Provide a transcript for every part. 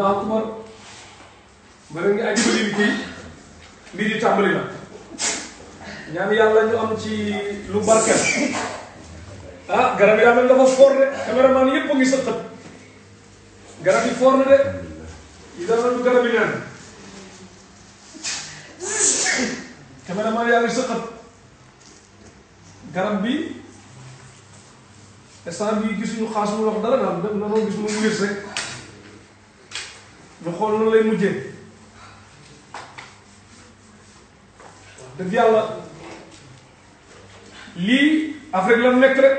allahu akbar ba nag ñu ajibali bi kii mbir yi tàmbali na ñaan yàlla ñu am ci lu barkeel ah garab yi daa mel dafa foor de caméraman yëpp a ngi sëqat garab yi foor na de yi daa mel garab yi neen caméraman yaa ngi sëqat garab bi instant bii gisuñu xaas mu wax dara daal na noonu gis mu wér rek ñu xool loolu lay mujjee wax dëgg yàlla lii Afrique la nekk rek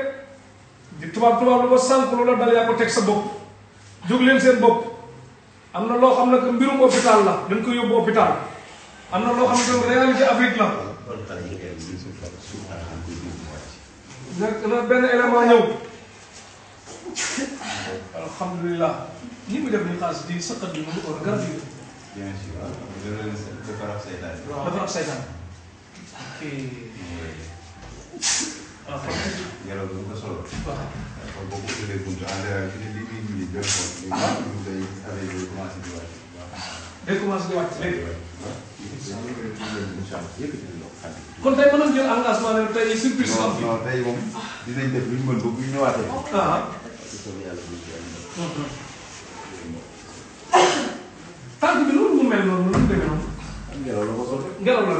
di tubaab tubaab lu ko sànq lu la dal yaa teg sa bopp jóg leen seen bopp am na loo xam ne que mbirum hôpital la dañ koy yóbbu hôpital am na loo xam ne que réalité Afrique la. nag na alhamdulilah ni mu def ni xaalis di sëqat bi mu ngi ëpp garab yi. bien sûr dafa rab saytaan. waaw dafa rab saytaan. ok. waaw xam nga. ngelaw li ko solo. waaw kon boo ko jëlee buntu en réalité ah. lii nii ñu ngi jël ko. ah ñu ngi lay affaire yooyu commencé di wàcc. day commencé di wàcc léegi. kon tey mënoon jël engagement ne tey surprise. non non tey moom dinañ def lu ñu mën ba bu ñu ñëwaatee. Ah. ci soobu yàlla bu ci tànk bi loolu mu mel noonu la ko sol ngelaw la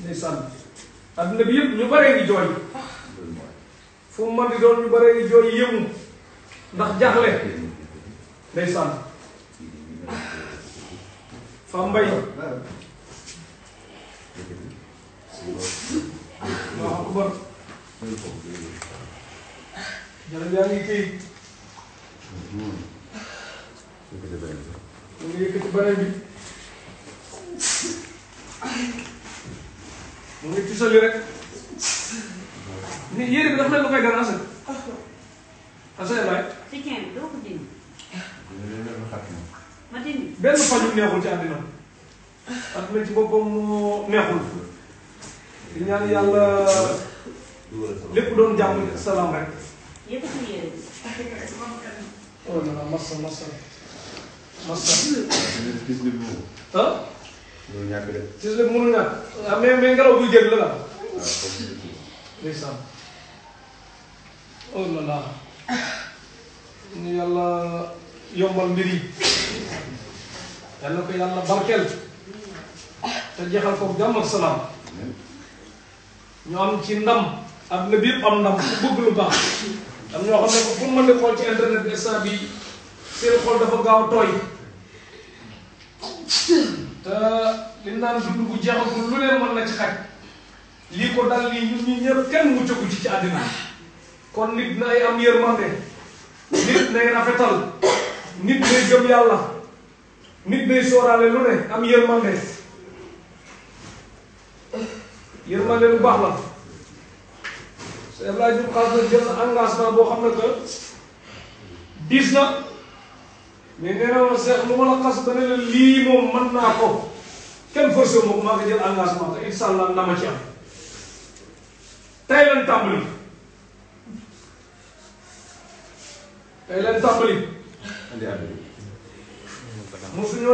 ndeysaan bi yëpp ñu baree ngi jooy fu di doon ñu baree ngi jooy yëmu ndax jaxle ndeysaan Fane Mbaye waaw jaram yaa ngi kii. yëkkati beneen bi. mu ngi yëkkati beneen bi. mu ngi tisali rek. ni yére bi dafa mel lu koy déranger. asalaamaaleykum. si kenn doo ko dindi. ma dindi. benn lépp doon jàmm salaam rek. yëpp ci yéen. massa massa massa. ah. mënul ñàkk nga mënul ñàkk ah mais mais ngelaw buy génn la la. ndeysaan. oh non non. ñu yàlla yombal mbir yi. yàlla ko yàlla barkeel. te jeexal am na biir am na ku bëgg lu baax am ñoo xam ne bu mën a xool ci internet bi instant bi seen xol dafa gaaw a tooy te li naan dund bu jeexagul lu leen mën na ci xaj lii ko dal lii ñun ñi ñëpp kenn muccagu ci ci àddina kon nit nay am yërmande nit nay rafetal nit nay gëm yàlla nit nay sóoraale lu ne am yërmande yërmande lu baax la Cheikh Abdoulaye Diouf Khass nag jël na engagement boo xam ne que diis na mais nee na woon ba ne la lii moom mën ko kenn forcé wu ma ko maa ngi jël engagement te incha allah ndama ci am tey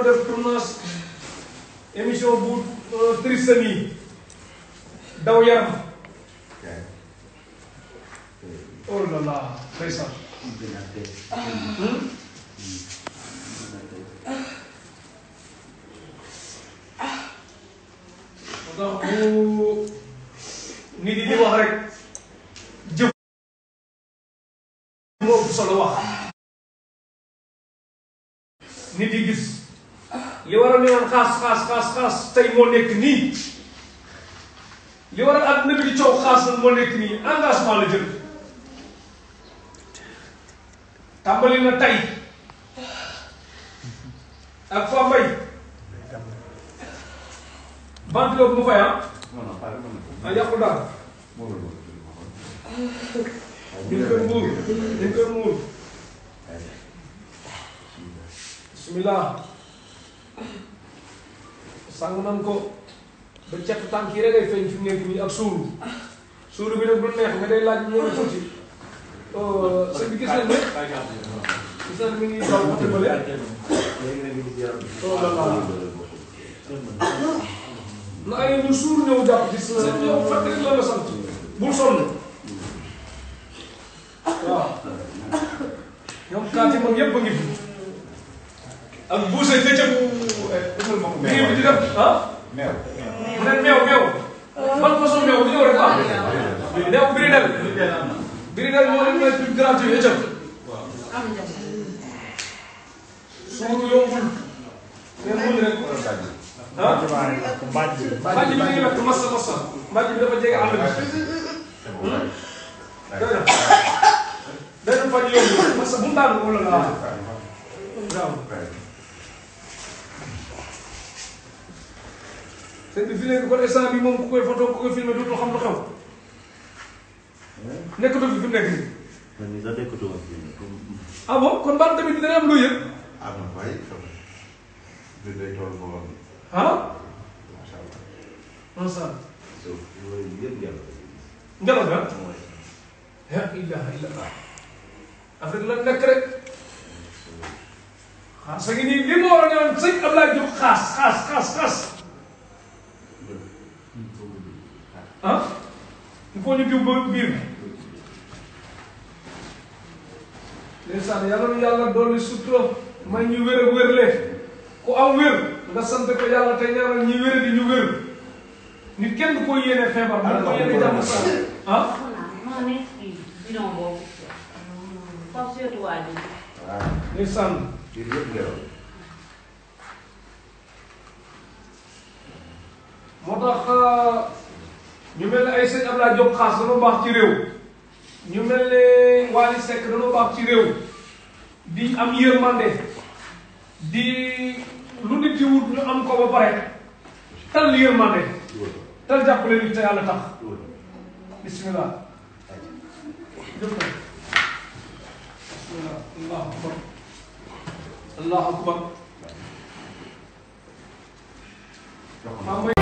def tournage émission bu euh, triste nii daw oh là là ndeysaan. moo tax bu nit yi di wax rek jëf moo ëpp solo wax nit yi gis li war a newoon xaas xaas xaas xaas tey moo nekk li war a àdduna bi di coow xaas nag moo nekk nii engagement la jël. tàmbali na tay ak fa mbay bant loolu mu fay ah. ah yàqu daal. dañ koy muur dañ koy muur. bisimilah. sàng nan ko ba cet tànk yi rek ay feeñ fi mu nekk ak suuru. suuru bi nag du neex nga day laaj ñëw tuuti. sëñ bi gis nañ ne gis nañ mi ngi daw ba tëbale. na ay ñu suur ñëw jàpp gis na ne yow fàttali la la sant bul sonn waaw ñoom kaati moom yëpp a ngi fi ak buuse dëccëg mi ngi di def ah. meew meew meew meew. ban façon meew bi ñëw rek ah. meew bi bii nag moo leen may plus gratuit yi jëm waaw. suuf yombul. mais muñ rek. ah mbàjj bi mbàjj bi ngi yokk massa massa mbàjj bi dafa jege àll bi. benn fan yombul massa bu bi fii léegi kon instant bi ku koy photo ku koy filmé dootul xam lu xew. nekk nii. man mii sax nekkatuma ah bon kon Balla tamit dina am lu yëg. am na fay bi day toll ba woon. ah. macha allah. macha allah. donc yooyu yëpp ngelaw la. ngelaw la. mooy. la ilaha illallah. Afrique la nekk rek. xaas a ngi nii li ma war a ñëw sëñ Abdoulaye Diop xaas xaas xaas xaas. ah. il faut ñu diw ba biir. ndeysaan yàlla nu yàlla dolli sutura may ñu wér ak wérle ku am wér nga sant ko yàlla te ñaanal di ñu wér nit kenn du ko yéene feebar. allo allo yéene jàmm sax ah. ndeysaan. moo tax mel ne ay sëñ Abdoulaye Diop xaas dafa baax ci réew. ñu mel ne Wally Seck dañoo baax ci réew di am yërmande di lu nit di wut am ko ba pare tal yërmande tal jàppale nit te yàlla tax bismillah jëfna bismillah allahu akbar allahu akbar